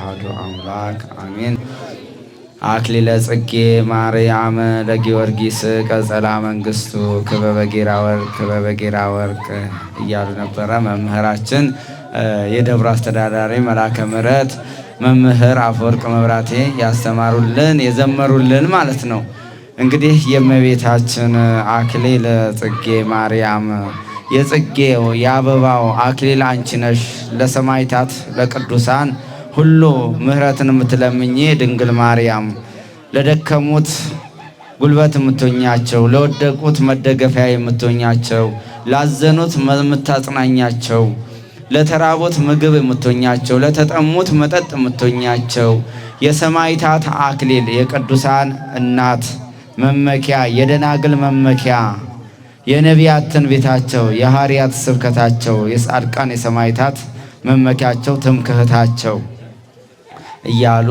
አሐዱ አምላክ አሜን። አክሊለ ጽጌ ማርያም ለጊዮርጊስ ቀጸላ መንግስቱ ክበበ ወርቅ ወርቅ እያሉ ነበረ። መምህራችን የደብሩ አስተዳዳሪ መላከ ምረት መምህር አፈወርቅ መብራቴ ያስተማሩልን የዘመሩልን ማለት ነው። እንግዲህ የእመቤታችን አክሊለ ጽጌ ማርያም የጽጌው የአበባው አክሊል አንቺ ነሽ ለቅዱሳን ሁሉ ምሕረትን የምትለምኝ ድንግል ማርያም ለደከሙት ጉልበት የምትኛቸው ለወደቁት መደገፊያ የምትኛቸው፣ ላዘኑት የምታጽናኛቸው፣ ለተራቡት ምግብ የምትኛቸው፣ ለተጠሙት መጠጥ የምትኛቸው የሰማይታት አክሊል የቅዱሳን እናት መመኪያ፣ የደናግል መመኪያ፣ የነቢያት ትንቢታቸው፣ የሐርያት ስብከታቸው፣ የጻድቃን የሰማይታት መመኪያቸው ትምክህታቸው እያሉ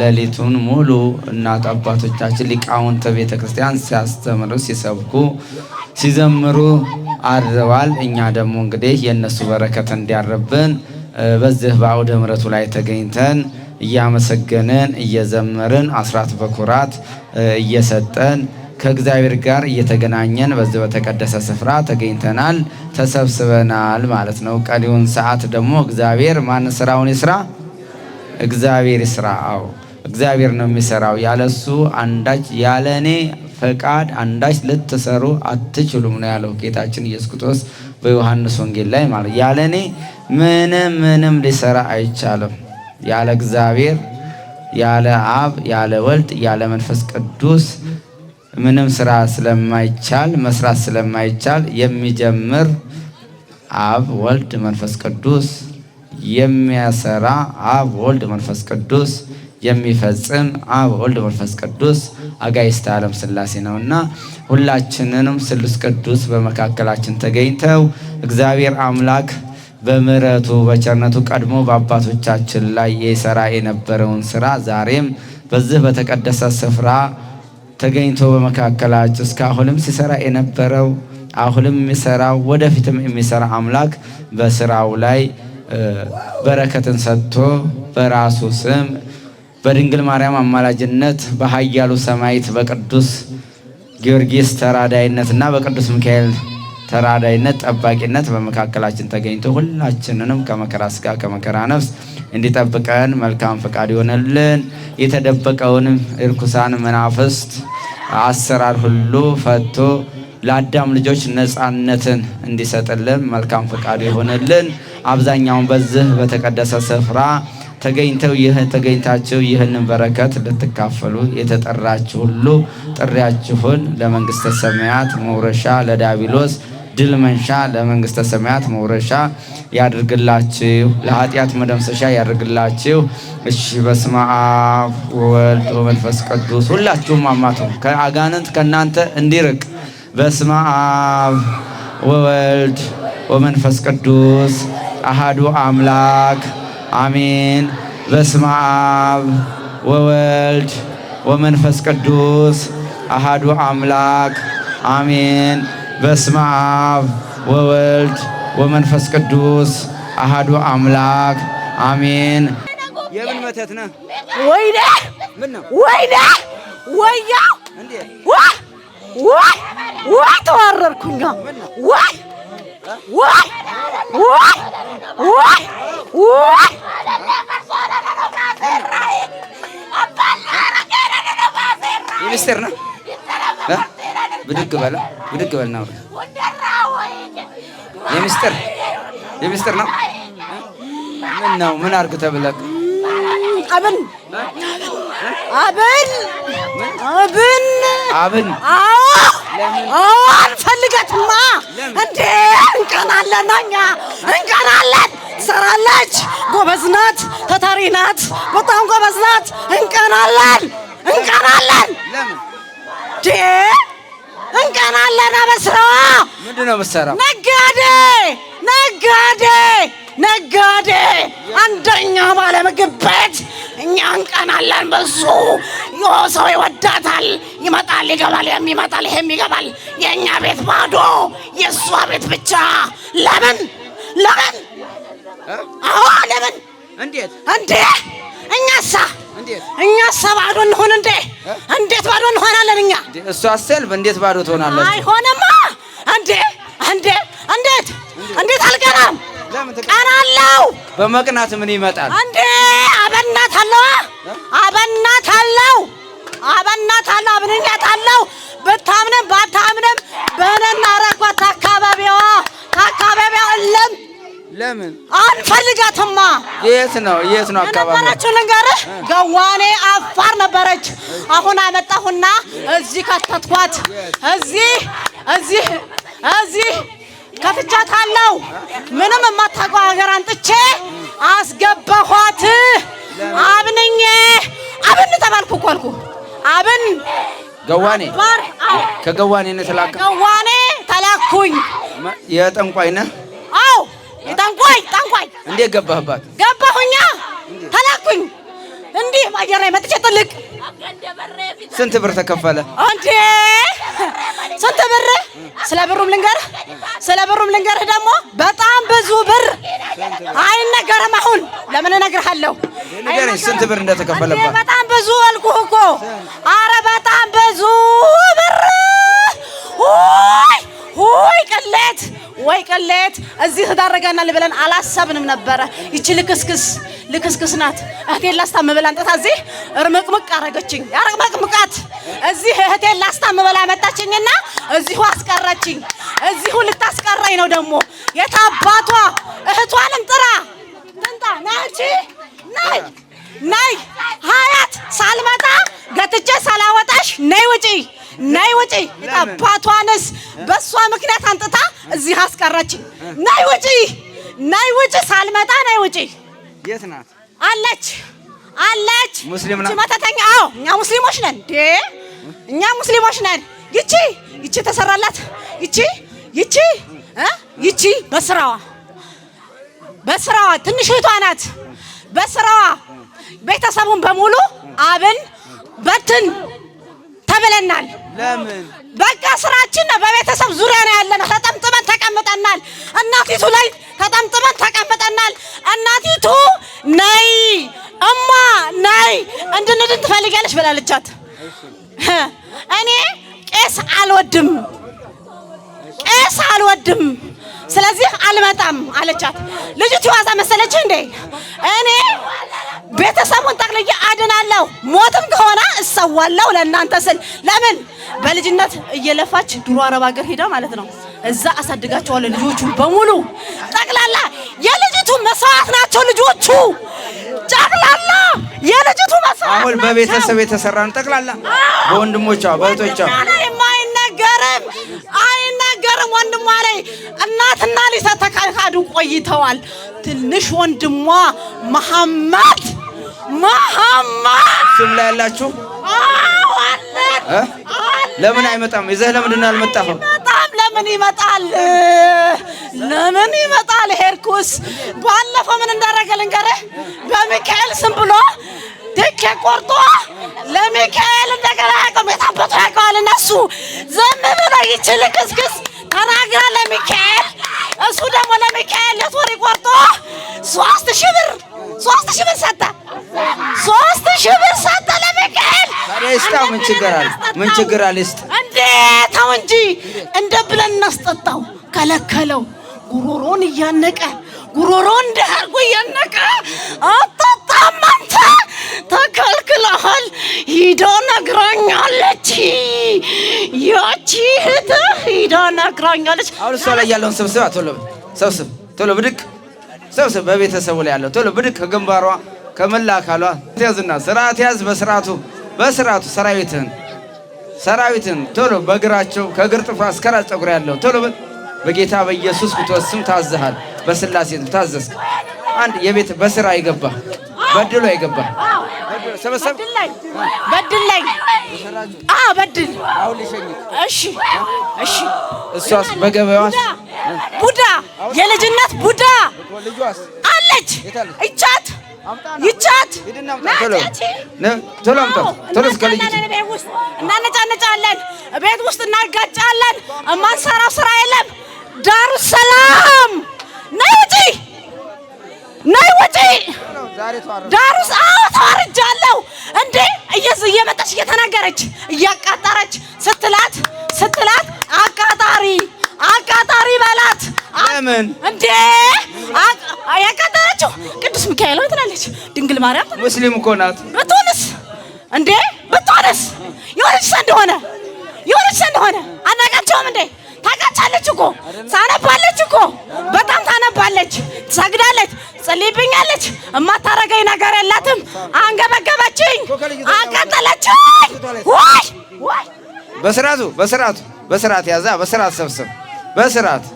ሌሊቱን ሙሉ እናት አባቶቻችን ሊቃውንተ ቤተ ክርስቲያን ሲያስተምሩ፣ ሲሰብኩ፣ ሲዘምሩ አድረዋል። እኛ ደግሞ እንግዲህ የእነሱ በረከት እንዲያርብን በዚህ በአውደ ምረቱ ላይ ተገኝተን እያመሰገንን እየዘመርን አስራት በኩራት እየሰጠን ከእግዚአብሔር ጋር እየተገናኘን በዚህ በተቀደሰ ስፍራ ተገኝተናል፣ ተሰብስበናል ማለት ነው። ቀሪውን ሰዓት ደግሞ እግዚአብሔር ማን ስራውን ይስራ እግዚአብሔር ስራ። አዎ እግዚአብሔር ነው የሚሰራው። ያለሱ አንዳች ያለ እኔ ፈቃድ አንዳች ልትሰሩ አትችሉም ነው ያለው ጌታችን ኢየሱስ ክርስቶስ በዮሐንስ ወንጌል ላይ ማለት ያለ እኔ ምንም ምንም ሊሰራ አይቻልም። ያለ እግዚአብሔር ያለ አብ ያለ ወልድ ያለ መንፈስ ቅዱስ ምንም ስራ ስለማይቻል መስራት ስለማይቻል የሚጀምር አብ ወልድ መንፈስ ቅዱስ የሚያሰራ አብ ወልድ መንፈስ ቅዱስ የሚፈጽም አብ ወልድ መንፈስ ቅዱስ አጋይስተ ዓለም ሥላሴ ነውና ሁላችንንም ስሉስ ቅዱስ በመካከላችን ተገኝተው እግዚአብሔር አምላክ በምሕረቱ በቸርነቱ ቀድሞ በአባቶቻችን ላይ የሰራ የነበረውን ስራ ዛሬም በዚህ በተቀደሰ ስፍራ ተገኝቶ በመካከላችን እስካሁንም ሲሰራ የነበረው አሁንም የሚሰራው ወደፊትም የሚሰራ አምላክ በስራው ላይ በረከትን ሰጥቶ በራሱ ስም በድንግል ማርያም አማላጅነት በኃያሉ ሰማይት በቅዱስ ጊዮርጊስ ተራዳይነት እና በቅዱስ ሚካኤል ተራዳይነት ጠባቂነት በመካከላችን ተገኝቶ ሁላችንንም ከመከራ ስጋ ከመከራ ነፍስ እንዲጠብቀን መልካም ፈቃድ ይሆነልን። የተደበቀውንም እርኩሳን መናፍስት አሰራር ሁሉ ፈቶ ለአዳም ልጆች ነፃነትን እንዲሰጥልን መልካም ፈቃድ ይሆነልን። አብዛኛውን በዚህ በተቀደሰ ስፍራ ተገኝተው ይህ ተገኝታችሁ ይህንን በረከት ልትካፈሉ የተጠራችሁ ሁሉ ጥሪያችሁን ለመንግስተ ሰማያት መውረሻ ለዳቢሎስ ድል መንሻ ለመንግስተ ሰማያት መውረሻ ያድርግላችሁ፣ ለኃጢአት መደምሰሻ ያድርግላችሁ። እሺ፣ በስመ አብ ወወልድ ወመንፈስ ቅዱስ። ሁላችሁም አማቱ ከአጋንንት ከእናንተ እንዲርቅ በስመ አብ ወወልድ ወመንፈስ ቅዱስ አሃዱ አምላክ አሜን። በስመ አብ ወወልድ ወመንፈስ ቅዱስ አሃዱ አምላክ አሜን። በስመ አብ ወወልድ ወመንፈስ ቅዱስ አሃዱ አምላክ አሜን። የምን መተት ነህ? ወይኔ ምን ነው? ወይ ወይ ተዋረድኩኛ! ወይ ሚኒስቴር ነው። ብድግ በለ ብድግ በልና የሚስጥር የሚስጥር ነው። ምን ነው ምን አርግ ተብለህ አብን አብን አብን አብን አዎ አንፈልገትማ እንዴ እንቀናለን እኛ እንቀናለን ትሰራለች ጎበዝ ናት ታታሪ ናት በጣም ጎበዝ ናት እንቀናለን እንቀናለን እንዴ እንቀናለን አበስረዋ ምንድን ነው የምትሰራው ነጋዴ ነጋዴ ነጋዴ አንደኛ ባለምግብ ቤት እኛ እንቀናለን በሱ። ይሆ ሰው ይወዳታል፣ ይመጣል፣ ይገባል፣ የሚመጣል፣ ይሄም ይገባል። የእኛ ቤት ባዶ፣ የእሷ ቤት ብቻ። ለምን ለምን? አዎ ለምን? እንዴት እንዴ? እኛሳ እኛሳ ባዶ እንሆን እንዴ? እንዴት ባዶ እንሆናለን እኛ? እሷ ሴልፍ እንዴት ባዶ ትሆናለች? አይሆንማ እንዴ እንዴ! እንዴት እንዴት አልቀናም? ቀናለው። በመቅናት ምን ይመጣል እንዴ? አበናት አለዋ አበናት አለው አበናት አለው አብንኛት አለው። ብታምንም ባታምንም በነና ረኳት ታካባቢዋ ታካባቢዋ ለም ለምን አንፈልጋትማ። የት ነው የት ነው አካባቢ ልንገርህ ገዋኔ አፋር ነበረች። አሁን አመጣሁና እዚህ ከተትኳት። እዚህ እዚህ እዚህ ከትቻታለሁ። ምንም የማታውቀው ሀገር አንጥቼ አስገባኋት። አብነኝ አብን ተባልኩ እኮ አልኩ አብን ገዋኔ ከገዋኔ ነህ ተላከ ገዋኔ ተላኩኝ። የጠንቋይ ነህ? አዎ የጠንቋይ ጠንቋይ። እንዴት ገባህባት? ገባሁኛ ተላኩኝ እንዲህ ላይ መጥቼ ጥልቅ ስንት ብር ተከፈለ? አንዴ ስንት ብር? ስለ ብሩም ልንገርህ፣ ስለ ብሩም ልንገርህ ደግሞ በጣም ብዙ ብር አይነገርም። አሁን ለምን እነግርሃለሁ? ንገረኝ፣ ስንት ብር እንደተከፈለባት። በጣም ብዙ አልኩህ እኮ። አረ በጣም ብዙ ብር። ውይ ቅሌት፣ ወይ ቅሌት! እዚህ ትዳረገናል ብለን አላሰብንም ነበረ። ይቺ ልክስክስ ልክስክስ ናት። እህቴን ላስታ መበላ አንጠታ እዚህ እርምቅምቅ አረገችኝ። ያርቅመቅምቃት እዚህ እህቴ ላስታ መበላ መጣችኝና እዚሁ አስቀረችኝ። እዚሁ ልታስቀረኝ ነው ደግሞ። የታባቷ እህቷንም ጥራ ትንጣ። ናቺ ናይ ናይ ሀያት ሳልመጣ ገትቼ ሳላወጣሽ ነይ ውጪ ናይ ውጪ። የታባቷንስ በእሷ ምክንያት አንጥታ እዚህ አስቀረችኝ። ናይ ውጪ ናይ ውጪ ሳልመጣ ናይ ውጪ የት ናት አለች አለች ሙስሊም ናት መተተኛ አዎ እኛ ሙስሊሞች ነን እኛ ሙስሊሞች ነን ይቺ ይቺ ተሰራላት ይቺ ይቺ ይቺ በስራዋ በስራዋ ትንሽ እህቷ ናት በስራዋ ቤተሰቡን በሙሉ አብን በትን ብለናል። ለምን በቃ ስራችን ነው። በቤተሰብ ዙሪያ ነው ያለነው። ተጠምጥመን ተቀምጠናል። እናቲቱ ላይ ተጠምጥመን ተቀምጠናል። እናቲቱ ነይ እማ ነይ እንድንድን ትፈልጋለች ብላለቻት። እኔ ቄስ አልወድም ቄስ አልወድም ስለዚህ አልመጣም አለቻት። ልጅቱ ዋዛ መሰለች እንዴ እኔ ቤተሰቡን ጠቅልዬ አድናለሁ ሞትም እሰዋለሁ ለእናንተ ስል። ለምን በልጅነት እየለፋች ድሮ አረብ ሀገር ሄዳ ማለት ነው። እዛ አሳድጋቸዋለሁ ልጆቹ በሙሉ ጠቅላላ የልጅቱ መስዋዕት ናቸው ልጆቹ ጠቅላላ የልጅቱ መስዋዕት አሁን በቤተሰብ የተሰራ ነው። ጠቅላላ በወንድሞቿ በእህቶቿ አይነገርም አይነገርም። ወንድሟ ላይ እናትና ልጅ ተካካዱ ቆይተዋል። ትንሽ ወንድሟ መሐመድ መሐመድ ስም ላይ ያላችሁ ለምን አይመጣም? ይዘህ ለምንድን ነው አልመጣኸው? ለምን ይመጣል? ለምን ይመጣል? ሄርኩስ ባለፈው ምን እንዳደረገ ልንገርህ። በሚካኤል ስም ብሎ ድኬ ቆርጦ ለሚካኤል እንደገና ያቆም የታበቱ ያውቀዋል። እነሱ ዝም ብሎ ይችል ክስክስ ተናግራ ለሚካኤል እሱ ደግሞ ለሚካኤል ለቶሪ ቆርጦ ሶስት ሺህ ብር ሶስት ሺህ ብር ሰጠ። ሶስት ሺህ ብር ሰጠ ለሚካኤል ይስጣው። ምን ችግር አለ? ምን ችግር አለ? ይስጥ እንዴ! ተው እንጂ እንደ ብለን እናስጠጣው። ከለከለው። ጉሮሮን እያነቀ ጉሮሮን እንደ አድርጎ እያነቀ አጠጣም። አንተ ተከልክለሃል። ሂዳ ነግራኛለች። ያቺ እህት ሂዳ ነግራኛለች። አሁን እሷ ላይ ያለውን ሰብስባ ቶሎ ሰብስብ፣ ቶሎ ብድግ ሰብስብ። በቤተሰቡ ላይ ያለው ቶሎ ብድግ፣ ከግንባሯ ከመላ አካሏ ያዝና ስርዓት ያዝ በስርዓቱ በስርዓቱ ሰራዊትን ሰራዊትን ቶሎ በእግራቸው ከእግር ጥፍራ እስከ ራስ ያለው ቶሎ በጌታ በኢየሱስ ክርስቶስም ታዘሃል። በስላሴ ታዘዝክ። አንድ የቤት በስራ አይገባ በድሎ አይገባ በድል ላይ በድል እሺ፣ እሺ። እሷስ በገበያዋስ ቡዳ የልጅነት ቡዳ አለች ይቻት ይቻት እናነጫነጫለን፣ ቤት ውስጥ እናጋጫለን። እማንሰራው ስራ የለም። ዳሩ ሰላም ነይ ውጪ፣ ነይ ውጪ። ዳሩስ አዎ ተዋርጃለሁ እንዴ! እየመጣች እየተናገረች እያቃጠረች ስትላት ስትላት አቃጣሪ አቃጣሪ በላት። ለምን እንዴ ያቃጠለችው ቅዱስ ሚካኤል ወይ ትላለች። ድንግል ማርያም ሙስሊም እኮ ናት። ብትሆንስ እንዴ ብትሆንስ የሆነች ሰው እንደሆነ የሆነች ሰው እንደሆነ አናቃቸውም እንዴ ታቃቻለች እኮ ታነባለች እኮ በጣም ታነባለች፣ ትሰግዳለች፣ ጸልይብኛለች። እማታረገኝ ነገር የላትም። አንገበገበችኝ፣ አቃጠለችኝ። ወይ ወይ በስርዓቱ በስርዓቱ በስርዓት ያዛ በስርዓት ሰብስብ በስርዓት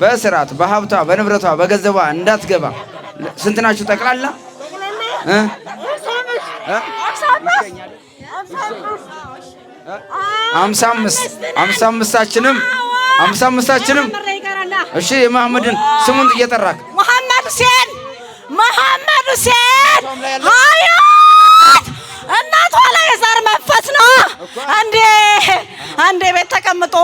በስርዓት በሀብቷ በንብረቷ በገንዘቧ እንዳትገባ። ስንት ናችሁ ጠቅላላ? አምሳ አምስታችንም አምሳ አምስታችንም እሺ፣ የመሐመድን ስሙን እየጠራክ መሐመድ ሁሴን መሐመድ ሁሴን መቶ ላይ የዛር መንፈስ ነው እንዴ! አንዴ ቤት ተቀምጦ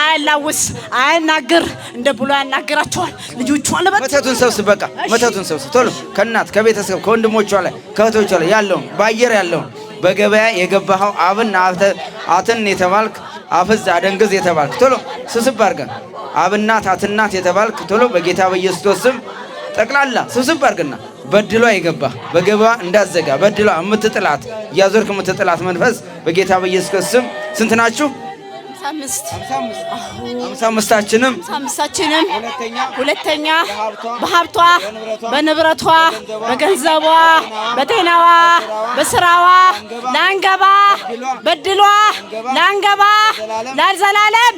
አያላውስ አያናግር እንደ ብሎ ያናግራቸዋል። ልጆቹ አለበት መተቱን ሰብስብ፣ በቃ መተቱን ሰብስብ ቶሎ፣ ከእናት ከቤተሰብ ከወንድሞቿ ላይ ከእህቶቿ ላይ ያለውን በአየር ያለውን በገበያ የገባኸው አብን አትን የተባልክ አፍዝ አደንግዝ የተባልክ ቶሎ ስብስብ አድርገን አብናት አትናት የተባልክ ቶሎ በጌታ በኢየሱስ ስም ጠቅላላ ስብስብ አድርገና በድሏ የገባ በገባ እንዳዘጋ በድሏ የምትጥላት እያዞርክ የምትጥላት መንፈስ በጌታ በኢየሱስ ክርስቶስ ስም ስንት ናችሁ? አምሳ አምስታችንም ሁለተኛ በሀብቷ በንብረቷ በገንዘቧ በጤናዋ በስራዋ ላንገባ በድሏ ላንገባ ላልዘላለም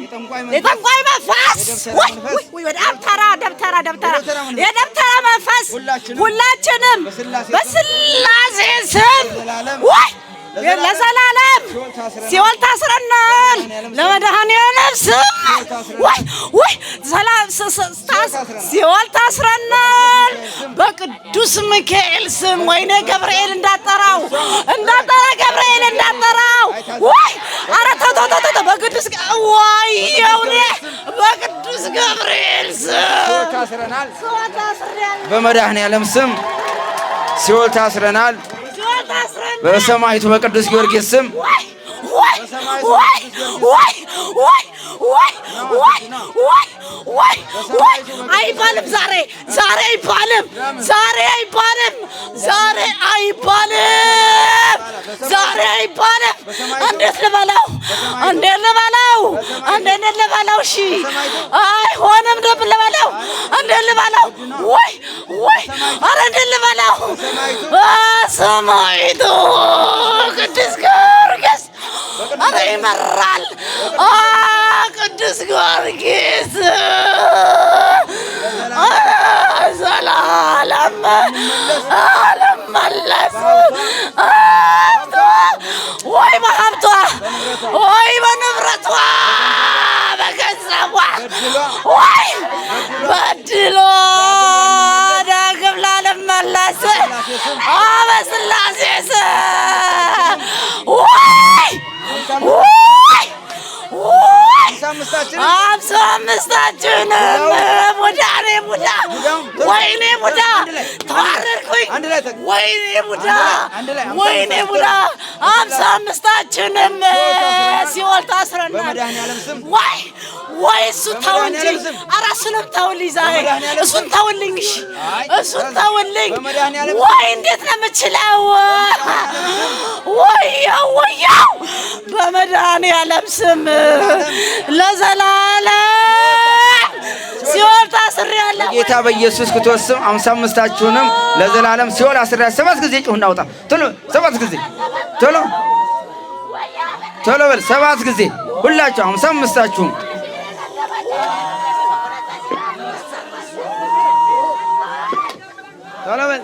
የጠንቋይ መንፈስ ደብተራ ደብተራ ደብተራ የደብተራ መንፈስ ሁላችንም በስላሴ ስም ለዘላለም ሲወል ታስረናል። ለመድኃኒዓለም ስም ወይ ወይ ሲወል ታስረናል። በቅዱስ ሚካኤል ስም ወይኔ ገብርኤል እንዳጠራው እንዳጠራ ገብርኤል እንዳጠራው ወይ ኧረ ተው ተው ተው በቅዱስ ወየው እኔ በቅዱስ ገብርኤል ስም በመድኃኒዓለም ስም ሲወል ታስረናል። በሰማዕቱ በቅዱስ ጊዮርጊስ ስም አይባልም። ዛሬ ዛሬ አይባልም። ዛሬ አይባልም። ዛሬ አይባልም። ዛሬ አይባልም። እንዴት ልበላው? እንዴት ልበላው? እንዴት ልበላው? እሺ አይሆንም። ደብ ልበላው? እንዴት ልበላው? ወይ ወይ፣ አረ እንዴት ልበላው? ሰማይቱ ቅዱስ ጊዮርጊስ አረ ይመራል። ቅዱስ ጊዮርጊስ አለም አልመለስ ወይ በሀብቷ ወይ በንብረቷ በገንዘቧ ወይ በድሎ ዳግም ላልመለስ በስላሴስ ወይ ወይ አምስት አምስታችንም ቡዳ እኔ ቡዳ ወይኔ ቡዳ ተዋረድኩኝ። ወይኔ ቡዳ ወይኔ ቡዳ አምሳ አምስታችንም ሲወል ታስረናል። ወይ ወይ እሱ ተው እንጂ ኧረ እሱንም ተውልኝ። ዛሬ እሱን ተውልኝ፣ እሺ እሱን ተውልኝ። ወይ እንዴት ነው የምችለው? ወያው ወያው በመድኃኔዓለም ስም ለዘላለም ሲወል ታስር ያለ ጌታ በኢየሱስ ክትወስም አምሳ አምስታችሁንም ለዘላለም ሲወል አስር ሰባት ጊዜ ጩህ እናውጣ። ቶሎ ሰባት ጊዜ ቶሎ ቶሎ በል ሰባት ጊዜ ሁላችሁ አምሳ አምስታችሁም ቶሎ በል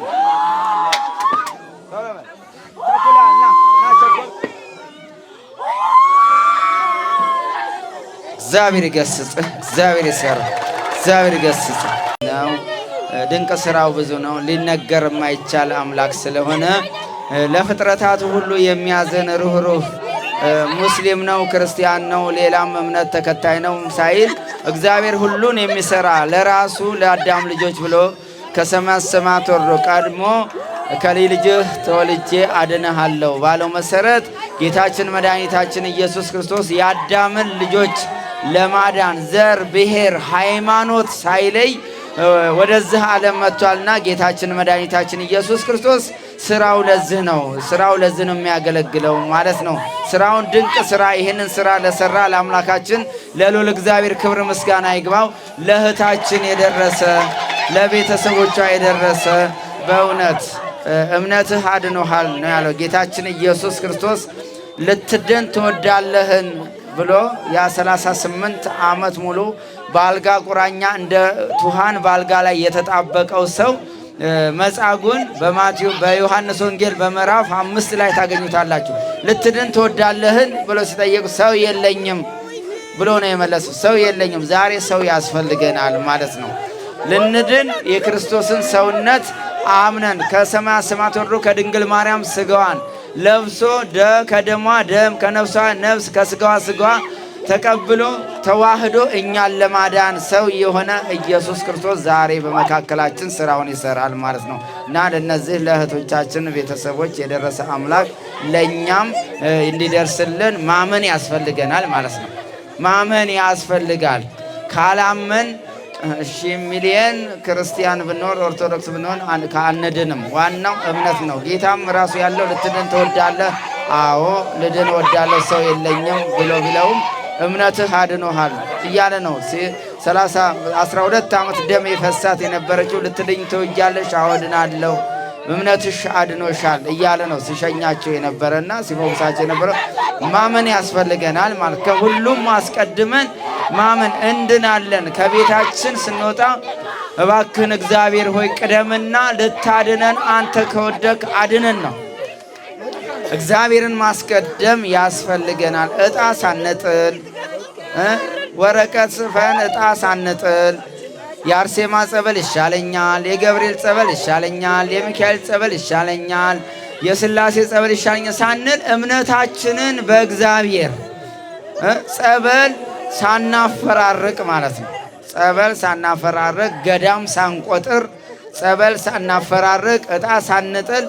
እግዚአብሔር ይገስጽህ። እግዚአብሔር ይሰራ እግዚአብሔር ይገስጽ ነው። ድንቅ ስራው ብዙ ነው፣ ሊነገር የማይቻል አምላክ ስለሆነ ለፍጥረታት ሁሉ የሚያዝን ሩህሩህ ሙስሊም ነው፣ ክርስቲያን ነው፣ ሌላም እምነት ተከታይ ነው ሳይል እግዚአብሔር ሁሉን የሚሰራ ለራሱ ለአዳም ልጆች ብሎ ከሰማት ሰማት ወርዶ ቀድሞ ከልጅ ልጅህ ተወልጄ አድነሃለሁ ባለው መሰረት ጌታችን መድኃኒታችን ኢየሱስ ክርስቶስ የአዳምን ልጆች ለማዳን ዘር፣ ብሔር፣ ሃይማኖት ሳይለይ ወደዚህ ዓለም መጥቷልና ጌታችን መድኃኒታችን ኢየሱስ ክርስቶስ ስራው ለዚህ ነው። ስራው ለዚህ ነው የሚያገለግለው ማለት ነው። ስራውን ድንቅ ስራ ይህንን ስራ ለሰራ ለአምላካችን ለልዑል እግዚአብሔር ክብር ምስጋና ይግባው። ለእህታችን የደረሰ ለቤተሰቦቿ የደረሰ በእውነት እምነትህ አድኖሃል ነው ያለው ጌታችን ኢየሱስ ክርስቶስ። ልትድን ትወዳለህን? ብሎ ያ 38 ዓመት ሙሉ በአልጋ ቁራኛ እንደ ቱሃን በአልጋ ላይ የተጣበቀው ሰው መጻጉን በማቴዎ በዮሐንስ ወንጌል በምዕራፍ አምስት ላይ ታገኙታላችሁ። ልትድን ትወዳለህን ብሎ ሲጠየቁ ሰው የለኝም ብሎ ነው የመለሱ። ሰው የለኝም፣ ዛሬ ሰው ያስፈልገናል ማለት ነው። ልንድን የክርስቶስን ሰውነት አምነን ከሰማያ ሰማያት ወርዶ ከድንግል ማርያም ስጋዋን ለብሶ ከደሟ ደም ከነፍሷ ነፍስ ከስጋዋ ስጋ ተቀብሎ ተዋህዶ እኛን ለማዳን ሰው የሆነ ኢየሱስ ክርስቶስ ዛሬ በመካከላችን ስራውን ይሰራል ማለት ነው እና ለነዚህ ለእህቶቻችን ቤተሰቦች የደረሰ አምላክ ለእኛም እንዲደርስልን ማመን ያስፈልገናል ማለት ነው። ማመን ያስፈልጋል ካላመን እሺ ሚሊየን ክርስቲያን ብንሆን ኦርቶዶክስ ብንሆን ከአንድንም። ዋናው እምነት ነው። ጌታም ራሱ ያለው ልትድን ትወዳለህ? አዎ ልድን ወዳለሁ ሰው የለኝም ብሎ ቢለውም እምነትህ አድኖሃል እያለ ነው። ሰላሳ አስራ ሁለት ዓመት ደም የፈሳት የነበረችው ልትድኝ ትወጃለሽ? አዎ ድናለሁ እምነትሽ አድኖሻል እያለ ነው ሲሸኛቸው የነበረና ሲፈውሳቸው የነበረ። ማመን ያስፈልገናል ማለት ከሁሉም አስቀድመን ማመን እንድናለን። ከቤታችን ስንወጣ እባክን እግዚአብሔር ሆይ ቅደምና ልታድነን አንተ ከወደቅ አድነን ነው። እግዚአብሔርን ማስቀደም ያስፈልገናል። እጣ ሳንጥል ወረቀት ጽፈን እጣ ሳንጥል የአርሴማ ጸበል ይሻለኛል፣ የገብርኤል ጸበል ይሻለኛል፣ የሚካኤል ጸበል ይሻለኛል፣ የስላሴ ጸበል ይሻለኛል ሳንል እምነታችንን በእግዚአብሔር ጸበል ሳናፈራርቅ ማለት ነው። ጸበል ሳናፈራርቅ ገዳም ሳንቆጥር ጸበል ሳናፈራርቅ እጣ ሳንጥል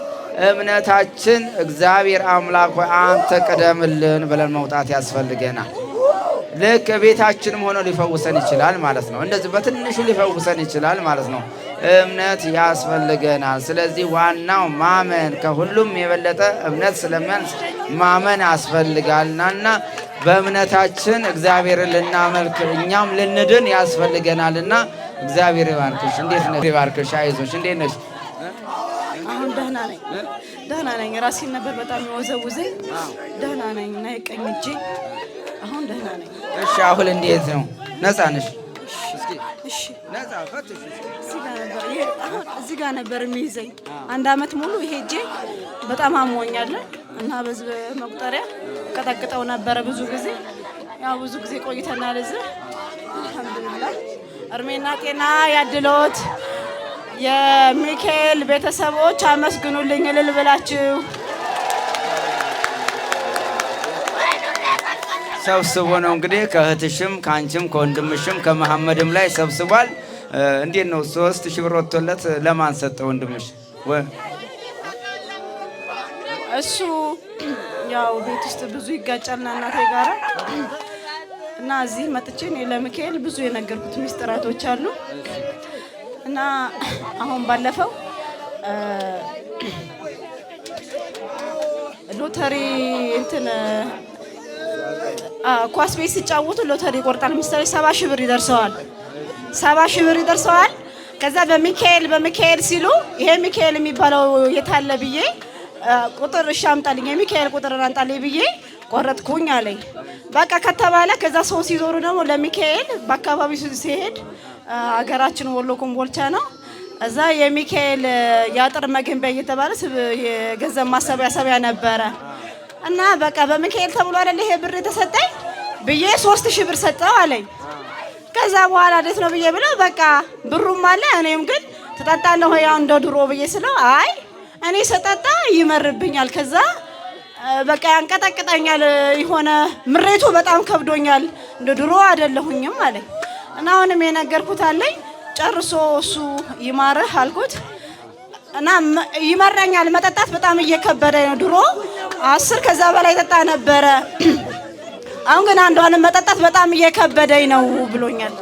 እምነታችን እግዚአብሔር አምላክ ሆይ አንተ ቅደምልን ብለን መውጣት ያስፈልገናል። ልክ ቤታችንም ሆኖ ሊፈውሰን ይችላል ማለት ነው። እንደዚህ በትንሹ ሊፈውሰን ይችላል ማለት ነው። እምነት ያስፈልገናል። ስለዚህ ዋናው ማመን፣ ከሁሉም የበለጠ እምነት ስለሚያንስ ማመን ያስፈልጋልናና በእምነታችን እግዚአብሔርን ልናመልክ እኛም ልንድን ያስፈልገናልና እግዚአብሔር ይባርክሽ። እንዴት ነሽ? ይባርክሽ። አይዞሽ። እንዴት ነሽ? አሁን ደህና ነኝ፣ ደህና ነኝ። ራሴን ነበር በጣም የወዘውዘኝ። ደህና ነኝ እና የቀኝ እጄ አሁን ደህና ነኝ። እሺ፣ አሁን እንዴት ነው? ነፃ ነሽ? እዚህ ጋር ነበር የሚይዘኝ አንድ አመት ሙሉ ሄጄ በጣም አሞኛል እና በዚህ መቁጠሪያ ቀጠቅጠው ነበረ ብዙ ጊዜ ያው ብዙ ጊዜ ቆይተናል። እዚህ አልሐምዱሊላህ እድሜና ጤና ያድሎት የሚካኤል ቤተሰቦች አመስግኑልኝ እልል ብላችሁ ሰብስቦ ነው እንግዲህ ከእህትሽም ከአንቺም ከወንድምሽም ከመሐመድም ላይ ሰብስቧል። እንዴት ነው ሶስት ሺህ ብር ወጥቶለት ለማን ሰጠ? ወንድምሽ እሱ ያው ቤት ውስጥ ብዙ ይጋጫልና እናቴ ጋር እና እዚህ መጥቼ እኔ ለሚካኤል ብዙ የነገርኩት ሚስጥራቶች አሉ እና አሁን ባለፈው ሎተሪ እንትን ኳስ ቤት ሲጫወቱ ሎተሪ ይቆርጣል። ምሳሌ ሰባ ሺህ ብር ይደርሰዋል። ሰባ ሺህ ብር ይደርሰዋል። ከዛ በሚካኤል በሚካኤል ሲሉ ይሄ ሚካኤል የሚባለው የታለ ብዬ ቁጥር እሺ አምጣልኝ የሚካኤል ቁጥር አምጣልኝ ብዬ ቆረጥኩኝ አለኝ። በቃ ከተባለ ከዛ ሰው ሲዞሩ ደግሞ ለሚካኤል በአካባቢው ሲሄድ አገራችን ወሎ ኮምቦልቻ ነው። እዛ የሚካኤል የአጥር መገንቢያ እየተባለ ገንዘብ ማሰባሰቢያ ነበረ። እና በቃ በሚካኤል ተብሎ አይደለ ይሄ ብር የተሰጠኝ ብዬ ሶስት ሺህ ብር ሰጠው አለኝ። ከዛ በኋላ እንዴት ነው ብዬ ብለው በቃ ብሩም አለ እኔም ግን ትጠጣለሁ ያው እንደ ድሮ ብዬ ስለው አይ እኔ ስጠጣ ይመርብኛል፣ ከዛ በቃ ያንቀጠቅጠኛል፣ የሆነ ምሬቱ በጣም ከብዶኛል፣ እንደ ድሮ አይደለሁኝም አለኝ እና አሁንም የነገርኩት አለኝ ጨርሶ እሱ ይማርህ አልኩት እና ይመረኛል። መጠጣት በጣም እየከበደ ነው ድሮ አስር ከዛ በላይ ጠጣ ነበረ። አሁን ግን አንዷንም መጠጣት በጣም እየከበደኝ ነው ብሎኛል።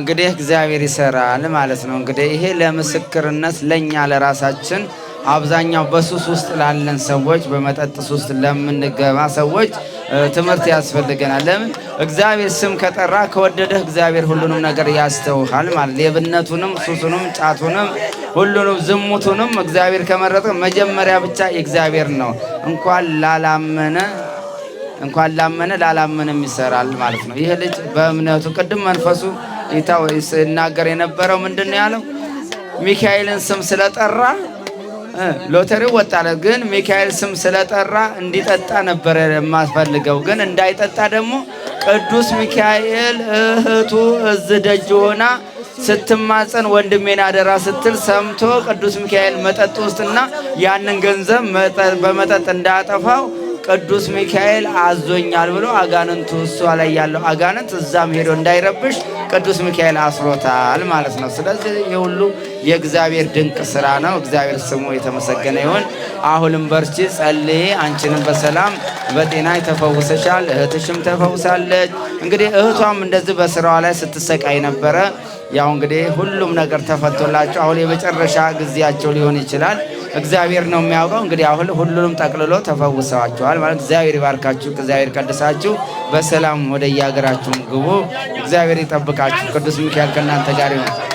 እንግዲህ እግዚአብሔር ይሰራል ማለት ነው። እንግዲህ ይሄ ለምስክርነት ለእኛ ለራሳችን አብዛኛው በሱስ ውስጥ ላለን ሰዎች በመጠጥ ውስጥ ለምንገባ ሰዎች ትምህርት ያስፈልገናል። ለምን እግዚአብሔር ስም ከጠራ ከወደደህ እግዚአብሔር ሁሉንም ነገር ያስተውሃል ማለት ሌብነቱንም፣ ሱሱንም፣ ጫቱንም ሁሉንም ዝሙቱንም እግዚአብሔር ከመረጠ መጀመሪያ ብቻ የእግዚአብሔር ነው። እንኳን ላላመነ እንኳን ላመነ ላላመነም ይሰራል ማለት ነው። ይህ ልጅ በእምነቱ ቅድም መንፈሱ ይታው ሲናገር የነበረው ምንድን ነው ያለው? ሚካኤልን ስም ስለጠራ ሎተሪው ወጣለ ግን ሚካኤል ስም ስለጠራ እንዲጠጣ ነበር የማስፈልገው። ግን እንዳይጠጣ ደግሞ ቅዱስ ሚካኤል እህቱ እዝ ደጅ ሆና ስትማፀን ወንድሜን አደራ ስትል ሰምቶ ቅዱስ ሚካኤል መጠጥ ውስጥና ያንን ገንዘብ በመጠጥ እንዳጠፋው ቅዱስ ሚካኤል አዞኛል ብሎ አጋንንቱ እሷ ላይ ያለው አጋንንት እዛም ሄዶ እንዳይረብሽ ቅዱስ ሚካኤል አስሮታል ማለት ነው። ስለዚህ የሁሉ የእግዚአብሔር ድንቅ ስራ ነው። እግዚአብሔር ስሙ የተመሰገነ ይሁን። አሁንም በርቺ፣ ጸልይ። አንቺንም በሰላም በጤና ተፈውሰሻል፣ እህትሽም ተፈውሳለች። እንግዲህ እህቷም እንደዚህ በስራዋ ላይ ስትሰቃይ ነበረ። ያው እንግዲህ ሁሉም ነገር ተፈቶላቸው አሁን የመጨረሻ ጊዜያቸው ሊሆን ይችላል። እግዚአብሔር ነው የሚያውቀው። እንግዲህ አሁን ሁሉንም ጠቅልሎ ተፈውሰዋቸዋል ማለት እግዚአብሔር ይባርካችሁ፣ እግዚአብሔር ቀድሳችሁ፣ በሰላም ወደ የሀገራችሁም ግቡ። እግዚአብሔር ይጠብቃችሁ። ቅዱስ ሚካኤል ከእናንተ ጋር ይሆናል።